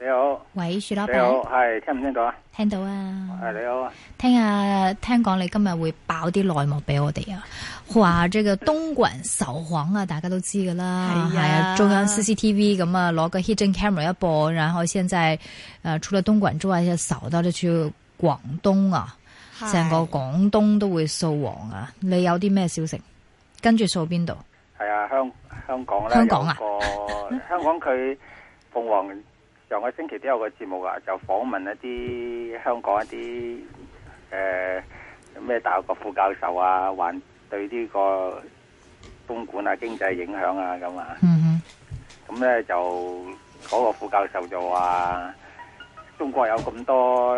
你好，喂，徐老闆你好，係聽唔聽，聽到啊？聽到啊，係你好。啊。聽啊，聽講你今日會爆啲內幕俾我哋啊！哇，這個東莞掃黃啊，大家都知噶啦，係啊，啊，中央 CCTV 咁啊，攞個 hidden camera 一播，然後現在誒、呃，除咗東莞之外，又掃到呢處廣東啊，成是個廣東都會掃黃啊！你有啲咩消息？跟住掃邊度？係啊，香香港咧，香港啊，香港佢鳳凰。 上個星期都有個節目啊，就訪問一啲香港一啲誒咩大學嘅副教授啊，話對呢個東莞啊經濟影響啊咁啊。嗯哼、啊。咁咧、啊 mm hmm. 就嗰，那個副教授就話，中國有咁多，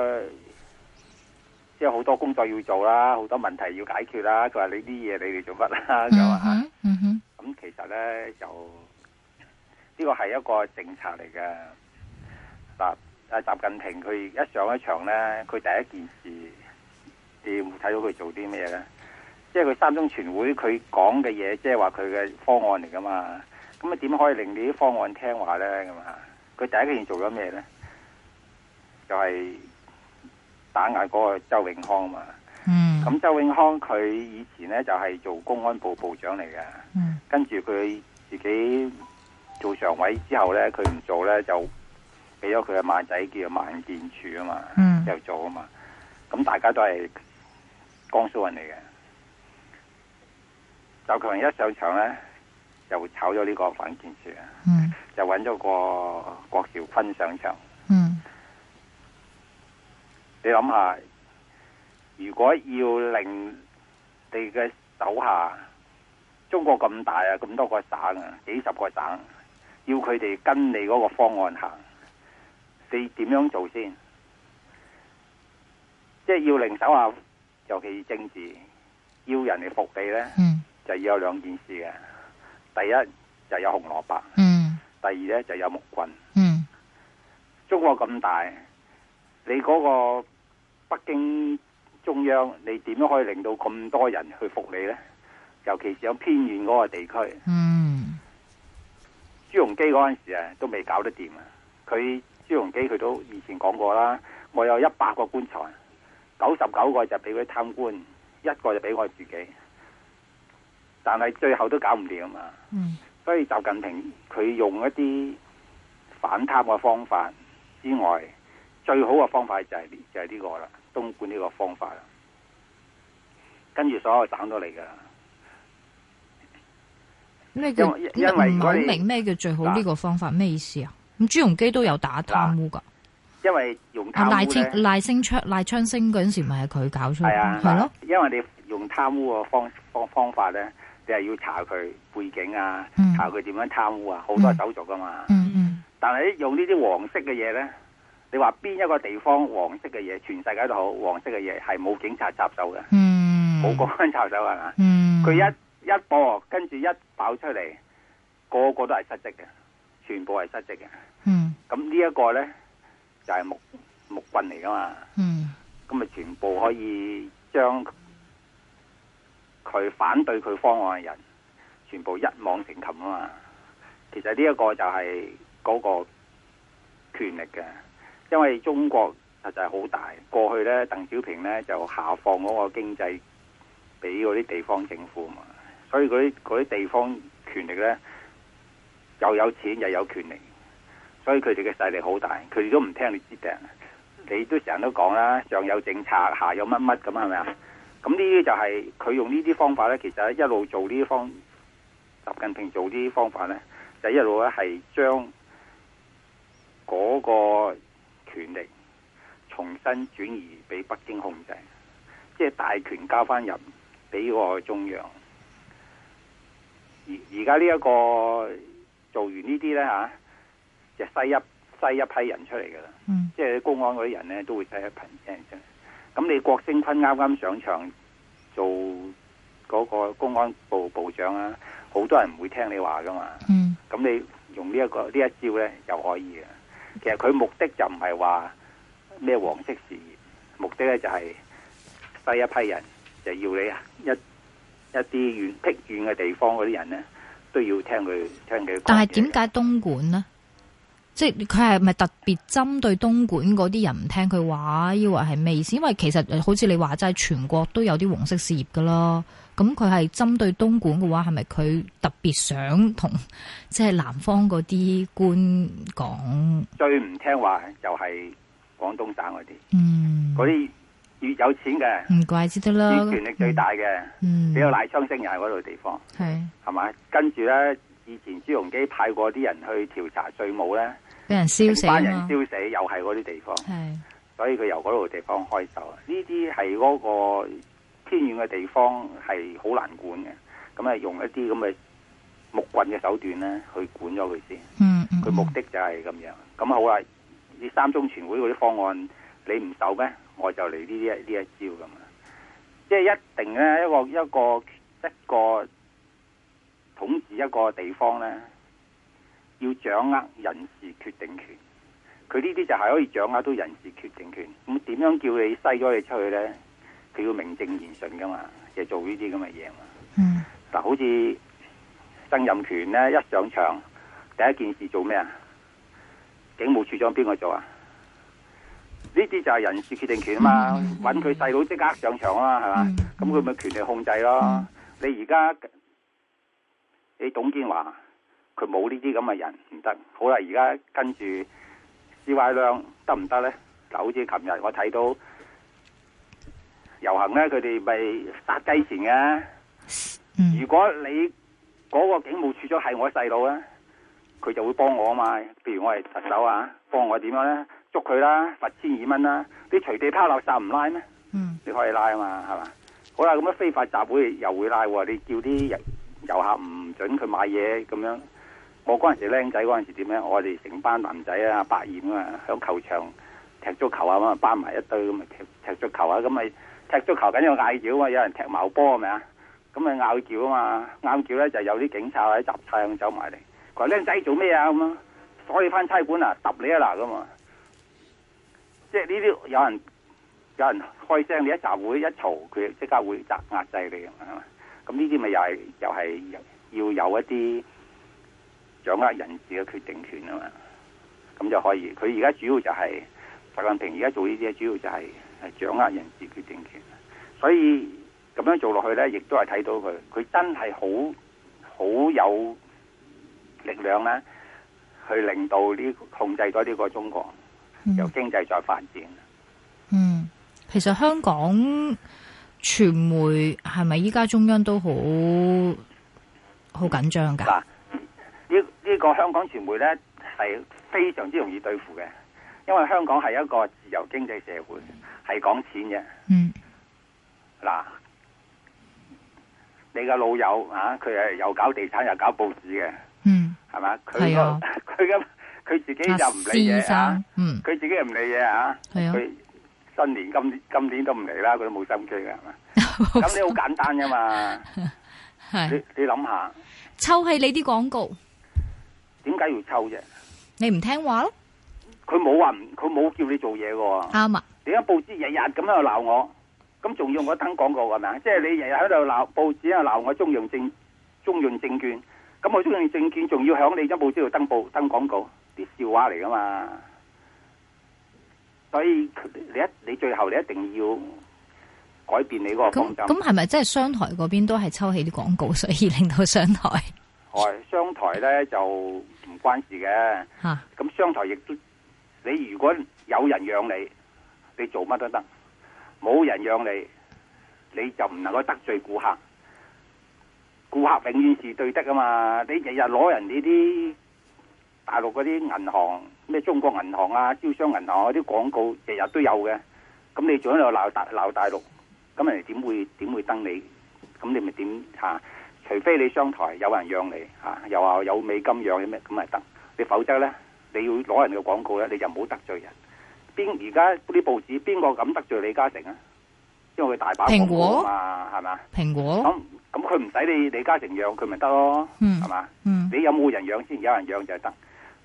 即係好多工作要做啦，好多問題要解決啦。佢話你啲嘢你哋做乜啦，啊？咁啊吓。咁、mm hmm. mm hmm. 其實咧就呢個係一個政策嚟嘅。啊！習近平佢一上一場呢，佢第一件事你會睇到佢做啲咩呢？即係佢三中全會佢講嘅嘢，即係話佢嘅方案嚟噶嘛？咁啊點可以令呢啲方案聽話呢？咁啊，佢第一件事做咗咩呢？就係打壓嗰個周永康嘛。嗯。咁周永康佢以前呢，就係做公安部部長嚟嘅。Mm. 跟住佢自己做常委之後呢，佢唔做呢，就。俾咗佢嘅馬仔叫孟建柱啊嘛，又、mm. 做啊嘛，咁、嗯、大家都係江蘇人嚟嘅。周強一上場咧，就炒咗呢個孟建柱啊，就搵咗個郭兆坤上場。Mm. 你諗下，如果要令你嘅手下，中國咁大啊，咁多個省啊，幾十個省，要佢哋跟你嗰個方案行。你點樣做先？即係要領手下，尤其是政治要人哋服你呢，mm. 就要有兩件事嘅。第一就有紅蘿卜，mm. 第二呢，就有木棍。嗯，mm. 中國咁大，你嗰個北京中央，你點可以令到咁多人去服你呢？尤其是有偏遠嗰個地區。嗯，mm. 朱鎔基嗰陣時啊，都未搞得掂啊，佢。朱鎔基佢都以前講過啦，我有一百個棺材，九十九個就俾佢啲貪官，一個就俾我自己，但係最後都搞唔掂啊嘛。嗯，所以習近平佢用一啲反貪嘅方法之外，最好嘅方法就係呢就係呢個啦，東莞呢個方法啦，跟住所有省都嚟噶。咩叫因為因為唔好明咩叫最好呢個方法咩意思啊？咁朱鎔基都有打貪污噶、啊，因為用貪污咧，賴星賴昌星嗰陣時咪係佢搞出嚟，係、啊、咯。因為你用貪污嘅方方方法咧，你係要查佢背景啊，嗯、查佢點樣貪污啊，好多係手續噶嘛。嗯嗯嗯、但係用呢啲黃色嘅嘢咧，你話邊一個地方黃色嘅嘢，全世界都好黃色嘅嘢係冇警察插手嘅，冇公安插手係嘛？佢、嗯、一一播跟住一爆出嚟，個個，個都係失職嘅。全部係失職嘅，咁呢一個呢，就係、是、木木棍嚟㗎嘛，咁咪、嗯、全部可以將佢反對佢方案嘅人，全部一網成擒啊嘛。其實呢一個就係嗰個權力嘅，因為中國實在好大，過去呢，鄧小平呢就下放嗰個經濟俾嗰啲地方政府嘛，所以嗰啲啲地方權力呢。又有錢又有權力，所以佢哋嘅勢力好大，佢哋都唔聽你指令。你都成日都講啦，上有政策，下有乜乜咁，係咪啊？咁呢啲就係、是、佢用呢啲方法咧，其實一路做呢啲方法，習近平做呢啲方法咧，就一路咧係將嗰個權力重新轉移俾北京控制，即、就、係、是、大權交翻入俾個中央。而而家呢一個。做完呢啲咧嚇，就篩一篩一批人出嚟噶啦，嗯、即係公安嗰啲人咧都會篩一批人出嚟。咁你郭聲琨啱啱上場做嗰個公安部部長啊，好多人唔會聽你話噶嘛。咁、嗯、你用呢、呢、一個呢一招咧又可以啊。其實佢目的就唔係話咩黃色事業，目的咧就係篩一批人，就要你啊一一啲遠僻遠嘅地方嗰啲人咧。都要聽佢聽佢講，但係點解東莞呢？即係佢係咪特別針對東莞嗰啲人唔聽佢話，抑或係咩意思？因為其實好似你話齋，全國都有啲黃色事業噶啦。咁佢係針對東莞嘅話，係咪佢特別想同即係南方嗰啲官講？最唔聽話就係廣東省嗰啲，嗯，啲。越有錢嘅，唔怪之得越權力最大嘅，嗯嗯、比較賴昌星又係嗰度地方，係係嘛？跟住咧，以前朱鎔基派過啲人去調查稅務咧，俾人燒死，班人燒死，又係嗰啲地方，係的，所以佢由嗰度地方開手。呢啲係嗰個偏遠嘅地方係好難管嘅，咁啊用一啲咁嘅木棍嘅手段咧去管咗佢先。嗯佢、嗯嗯、目的就係咁樣。咁好啊！你三中全會嗰啲方案，你唔受咩？我就嚟呢一呢一招咁啊！即係一定咧，一個一個一個統治一個地方咧，要掌握人事決定權。佢呢啲就係可以掌握到人事決定權。咁點樣叫你篩咗你出去咧？佢要名正言順噶嘛，就係、做呢啲咁嘅嘢嘛。嗯，嗱，好似曾蔭權咧，一上場第一件事做咩啊？警務處長邊個做啊？呢啲就係人事決定權啊嘛，搵佢細佬即刻上場啊，係嘛，嗯？咁佢咪權力控制咯？嗯、你而家你董建華佢冇呢啲咁嘅人唔得。好啦，而家跟住示威量得唔得咧？嗱，行行就好似琴日我睇到遊行咧，佢哋咪殺雞前嘅。嗯、如果你嗰個警務處長係我細佬啊，佢就會幫我啊嘛。譬如我係特首啊，幫我點樣咧？捉佢啦，罰千二蚊啦！你隨地拋垃圾唔拉咩？嗯、你可以拉啊嘛，係嘛？好啦，咁樣非法集會又會拉喎、啊，你叫啲遊客唔准佢買嘢咁樣。我嗰陣時僆仔嗰陣時點咧？我哋成班男仔啊，百厭啊，響球場踢足球啊嘛，班埋一堆咁咪踢踢足球啊，咁咪踢足球緊要嗌叫啊，有人踢矛波係咪啊？咁咪嗌交啊嘛，嗌交咧就有啲警察或者雜差咁走埋嚟，佢話僆仔做咩啊？咁啊，所以返差館啊，揼你啊嗱咁啊！即係呢啲有人有人開聲，你一集會一嘈，佢即刻會壓壓制你啊，咁樣係嘛！咁呢啲咪又係又係要有一啲掌握人事嘅決定權啊嘛！咁就可以，佢而家主要就係、是、習近平而家做呢啲嘢，主要就係、是、係掌握人事決定權。所以咁樣做落去咧，亦都係睇到佢，佢真係好好有力量咧，去令到呢、這個、控制咗呢個中國。由經濟再發展。嗯，其實香港傳媒係咪依家中央都好好緊張噶？呢呢、這個這個香港傳媒呢係非常之容易對付嘅，因為香港係一個自由經濟社會，係講錢嘅。嗯。嗱、嗯，你個老友啊，佢係又搞地產又搞報紙嘅。嗯。係咪？佢佢、那個。的 佢自己就唔理嘢啊！佢自己唔理嘢啊！佢新年今今年都唔嚟啦，佢都冇心機嘅係嘛？咁你好簡單噶嘛？你你諗下，抽係你啲廣告，點解要抽啫？你唔聽話咯？佢冇話唔，佢冇叫你做嘢嘅喎。啱啊！點解報紙日日咁喺度鬧我？咁仲要我登廣告係咪？即係你日日喺度鬧報紙，又鬧我中融證、中融證券。咁我中融證券仲要響你張報紙度登報登廣告？笑話嚟噶嘛，所以你一你最後你一定要改變你嗰個方針。咁咁係咪即係商台嗰邊都係抽起啲廣告，所以令到商台？誒，商台咧就唔關事嘅。吓，咁商台亦都你如果有人養你，你做乜都得；冇人養你，你就唔能夠得罪顧客。顧客永遠是對的噶嘛，你日日攞人哋啲。大陸嗰啲銀行咩，中國銀行啊、招商銀行嗰啲廣告日日都有嘅，咁你仲喺度鬧大鬧大陸，咁人哋點會點會登你？咁你咪點吓？除非你商台有人養你吓，啊，又話有美金養咩，咁咪得？你否則呢，你要攞人嘅廣告咧，你就唔好得罪人。邊而家啲報紙邊個敢得罪李嘉誠啊？因為佢大把廣告嘛，蘋果？係嘛？蘋果，咁佢唔使你李嘉誠養佢咪得咯？係嘛？你讓有冇人養先？有人養就係得。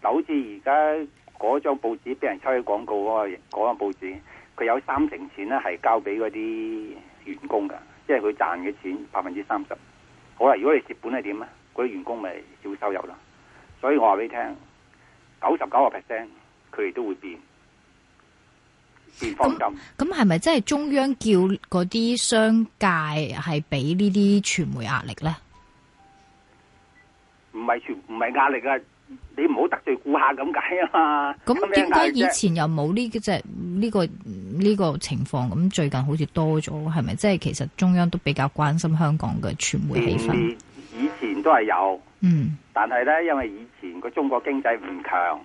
就好似而家嗰張報紙俾人抽起廣告嗰個嗰個報紙，佢有三成錢咧係交俾嗰啲員工噶，即係佢賺嘅錢百分之三十。好啦，如果你蝕本係點咧，嗰啲員工咪少收入啦。所以我話俾你聽，九十九個 percent 佢哋都會變，變方針。咁咁係咪真係中央叫嗰啲商界係俾呢啲傳媒壓力咧？唔係傳唔係壓力啊！你唔好得罪顧客咁解啊嘛！咁點解以前又冇呢隻呢個呢個呢個情況？咁最近好似多咗，係咪？即係其實中央都比較關心香港嘅傳媒氣氛。以前都係有，嗯，但係呢，因為以前個中國經濟唔強，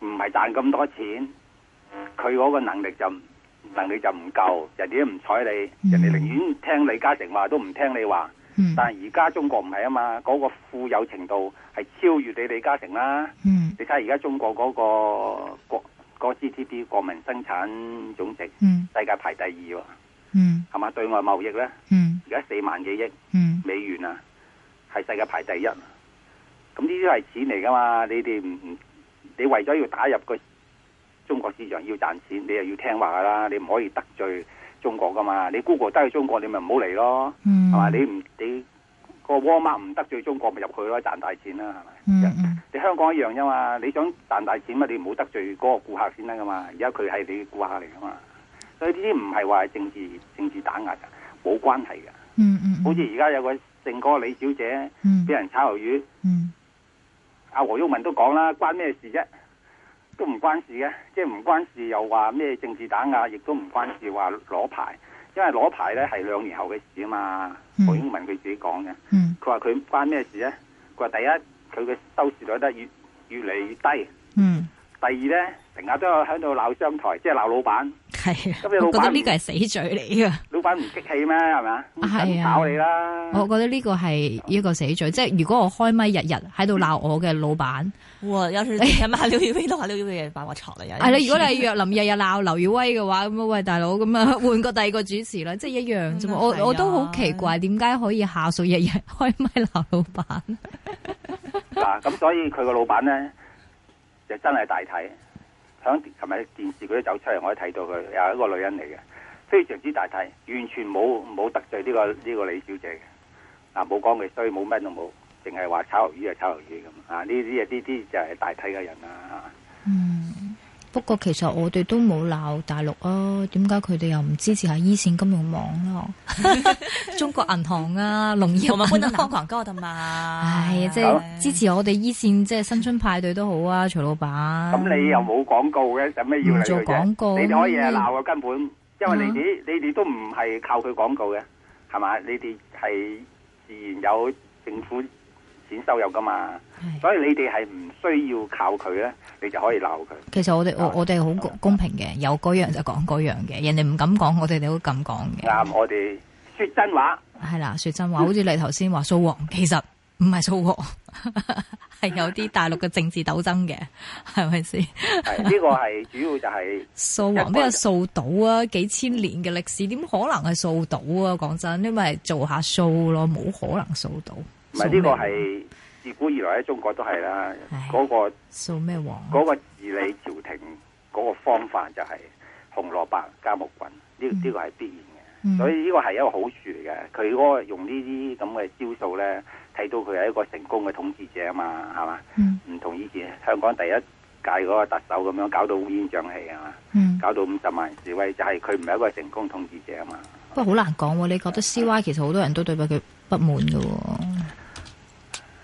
唔係賺咁多錢，佢嗰個能力就能力就唔夠，人哋都唔睬你，嗯、人哋寧願聽李嘉誠話都唔聽你話。嗯、但係而家中國唔係啊嘛，嗰、那個富有程度係超越你李嘉誠啦。嗯、你睇下而家中國嗰、那個國個 GDP 國民生產總值，嗯、世界排第二喎、啊。係嘛、嗯、對外貿易咧，而家、嗯、四萬幾億美元啊，係、嗯、世界排第一、啊。咁呢啲係錢嚟噶嘛？你哋唔唔，你為咗要打入個中國市場要賺錢，你又要聽話噶啦，你唔可以得罪。中國噶嘛？你 Google 得罪中國，你咪唔好嚟咯，係嘛、嗯？你唔你個 Walmart 唔得罪中國，咪入去咯，賺大錢啦，係咪、嗯嗯就是？你香港一樣啫嘛？你想賺大錢嘛？你唔好得罪嗰個顧客先得噶嘛？而家佢係你顧客嚟噶嘛？所以呢啲唔係話政治政治打壓噶，冇關係噶、嗯。嗯嗯。好似而家有個姓哥李小姐，俾人炒魷魚，魚嗯。嗯。阿黃、啊、毓民都講啦，關咩事啫？都唔關事嘅，即係唔關事又話咩政治打壓，亦都唔關事話攞牌，因為攞牌咧係兩年後嘅事啊嘛。胡錦、嗯、文佢自己講嘅，佢話佢關咩事咧？佢話第一佢嘅收視率得越越嚟越低，嗯、第二咧成日都有喺度鬧商台，即係鬧老闆。係，老闆我覺得呢個係死罪嚟噶， 老闆唔激氣咩？係咪啊？唔搞你啦！我覺得呢個係一個死罪，即係如果我開咪日日喺度鬧我嘅老闆，有時阿劉耀威 都話劉耀威嘢把我啦。你 如果你若林日日鬧劉耀威嘅話，咁啊喂大佬，咁啊換個第二個主持啦，即係一樣啫嘛。嗯、我、嗯、我都好奇怪，點解可以下屬日日開咪鬧老闆？嗱 啊，咁所以佢個老闆咧就真係大體。喺琴日電視佢都走出嚟，我睇到佢又一個女人嚟嘅，非常之大體，完全冇冇得罪呢個呢個李小姐嘅，嗱冇講佢衰，冇乜都冇，淨係話炒魷魚就炒魷魚咁啊！呢啲啊呢啲就係大體嘅人啊。不過其實我哋都冇鬧大陸啊，點解佢哋又唔支持下一線金融網咯、啊？ 中國銀行啊，農業啊，銀行都瘋狂過噶嘛？係啊，即係支持我哋一線，即、就、係、是、新春派對都好啊，徐老闆。咁、嗯、你又冇廣告嘅，有咩要做廣告，你哋可以鬧啊，根本，你因為你哋你哋都唔係靠佢廣告嘅，係嘛？你哋係自然有政府。錢收入噶嘛，是所以你哋係唔需要靠佢咧，你就可以鬧佢。其實我哋、啊、我我哋好公公平嘅，嗯、有嗰樣就講嗰樣嘅，人哋唔敢講，我哋都敢講嘅。啱、嗯、我哋說真話係啦，說真話，好似你頭先話掃黃，其實唔係掃黃，係 有啲大陸嘅政治鬥爭嘅，係咪先？係 呢、這個係主要就係掃黃，邊有掃到啊？幾千年嘅歷史，點可能係掃到啊？講真，因為做下掃咯，冇可能掃到。呢個係自古以來喺中國都係啦，嗰唉、嗰個咩王麼治理朝廷嗰個方法就係紅蘿蔔加木棍，呢呢個係必然嘅，嗯、所以呢個係一個好處嚟嘅。佢嗰個用呢啲咁嘅招數咧，睇到佢係一個成功嘅統治者啊嘛，係嘛？唔、嗯、同以前香港第一屆嗰個特首咁樣搞到烏煙瘴氣啊嘛，嗯、搞到五十萬人示威，就係佢唔係一個成功統治者啊嘛。嗯、不過好難講喎、啊，你覺得 C Y 其實好多人都對佢不滿嘅喎、啊。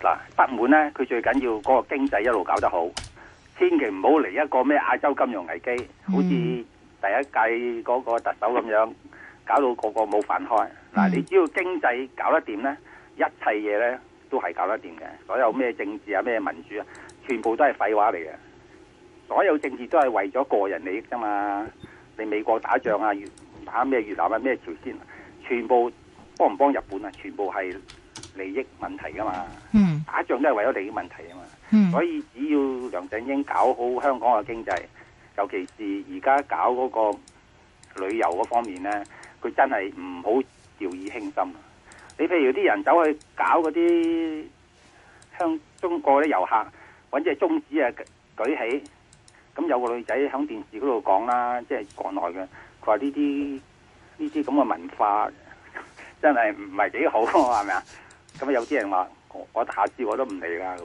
嗱，不、啊、滿咧，佢最緊要嗰、那個經濟一路搞得好，千祈唔好嚟一個咩亞洲金融危機，嗯、好似第一屆嗰個特首咁樣，搞到個個冇飯開。嗱、啊，嗯、你只要經濟搞得掂咧，一切嘢咧都係搞得掂嘅。所有咩政治啊、咩民主啊，全部都係廢話嚟嘅。所有政治都係為咗個人利益啫嘛。你美國打仗啊，越打咩越南啊、咩朝鮮啊，全部幫唔幫日本啊？全部係。利益問題噶嘛，嗯、打仗都係為咗利益問題啊嘛，嗯、所以只要梁振英搞好香港嘅經濟，尤其是而家搞嗰個旅遊嗰方面咧，佢真係唔好掉以輕心。你譬如啲人走去搞嗰啲香中國啲遊客，揾隻中指啊舉起，咁有個女仔喺電視嗰度講啦，即係國內嘅，佢話呢啲呢啲咁嘅文化真係唔係幾好，係咪啊？咁、嗯、有啲人話我我下次我都唔理啦，咁，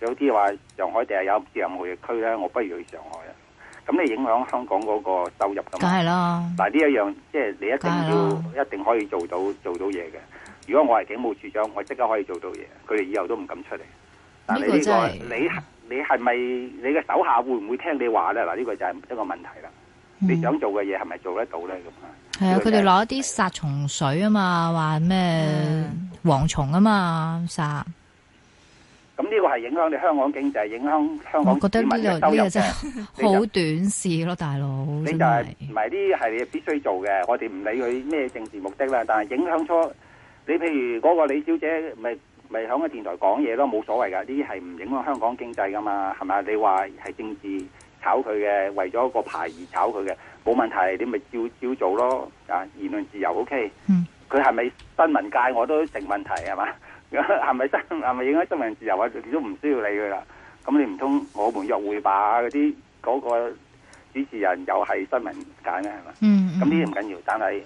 有啲話上海第日有唔知任何嘅區咧，我不如去上海啊！咁、嗯、你影響香港嗰個收入咁，梗係啦。嗱呢一樣即係你一定要一定可以做到做到嘢嘅。如果我係警務處長，我即刻可以做到嘢，佢哋以後都唔敢出嚟。但係呢、這個、個、就是、你你係咪你嘅手下會唔會聽你話咧？嗱、嗯、呢、這個就係一個問題啦。你想做嘅嘢係咪做得到咧？咁啊、嗯，係啊樣！佢哋攞一啲殺蟲水啊嘛，話咩蝗蟲啊嘛殺。咁呢個係影響你香港經濟，影響香港。我覺得呢個呢個真係好短視咯，大佬。你就係唔係啲係你必須做嘅，我哋唔理佢咩政治目的啦。但係影響咗你，譬如嗰個李小姐咪咪響個電台講嘢咯，冇所謂噶。呢啲係唔影響香港經濟噶嘛？係咪？你話係政治。炒佢嘅，為咗個牌而炒佢嘅，冇問題，你咪照照做咯。啊，言論自由，OK。嗯。佢係咪新聞界我都成問題係嘛？係咪 新係咪影響新聞自由啊？你都唔需要理佢啦。咁你唔通我們約會把嗰啲嗰個主持人又係新聞界咧係嘛？嗯。咁呢啲唔緊要，但係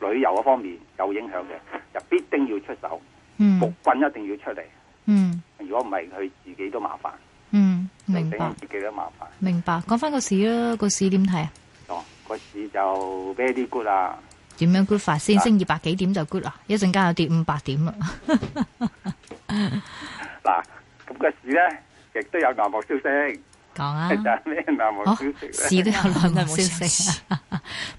旅遊方面有影響嘅，就必定要出手，木棍、嗯、一定要出嚟。嗯。如果唔係，佢自己都麻煩。明白，明白。講翻個市啦，個市點睇啊？哦，個市就 very good 啦？點樣 good 法？先升二百幾點就 good 啦？一陣間又跌五百點啦。嗱，咁個市咧亦都有內幕消息。講啊，有咩內幕消息？好，市都有內幕消息。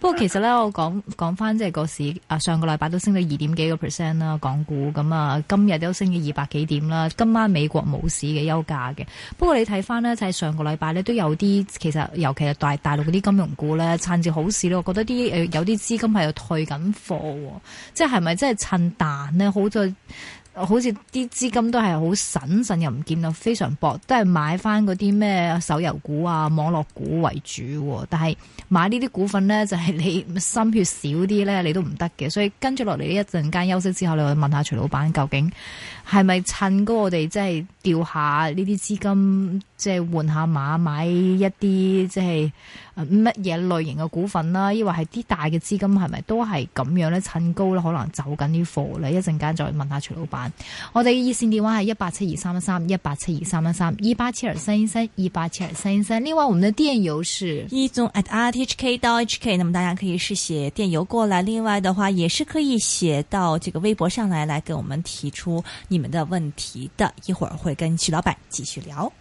不過其實咧，我講講翻即係嗰市，啊，上個禮拜都升咗二點幾個 percent 啦，港股咁啊，今日都升咗二百幾點啦。今晚美國冇市嘅休假嘅，不過你睇翻咧，就係上個禮拜咧都有啲，其實尤其係大大陸嗰啲金融股咧趁住好市咧，我覺得啲誒有啲資金係度退緊貨，即係係咪真係趁彈咧？好在。好似啲資金都係好腎腎又唔見到非常薄，都係買翻嗰啲咩手遊股啊、網絡股為主，啊。但係買呢啲股份咧，就係、是、你心血少啲咧，你都唔得嘅。所以跟住落嚟一陣間休息之後，你去問，問下徐老闆究竟係咪趁高我哋即係掉下呢啲資金？即係換下碼，買一啲即係乜嘢類型嘅股份啦，抑或係啲大嘅資金，係咪都係咁樣咧？趁高啦，可能走緊啲貨啦，一陣間再問下徐老闆。我哋嘅熱線電話係一八七二三一三一八七二三一三一八七二三一三一八七二三一三。另外，我哋嘅電郵係一中 at r t h k 到 h k。那麼大家可以試寫電郵過嚟。另外嘅話，也是可以寫到這個微博上嚟，嚟跟我們提出你們嘅問題的。一會兒會跟徐老闆繼續聊。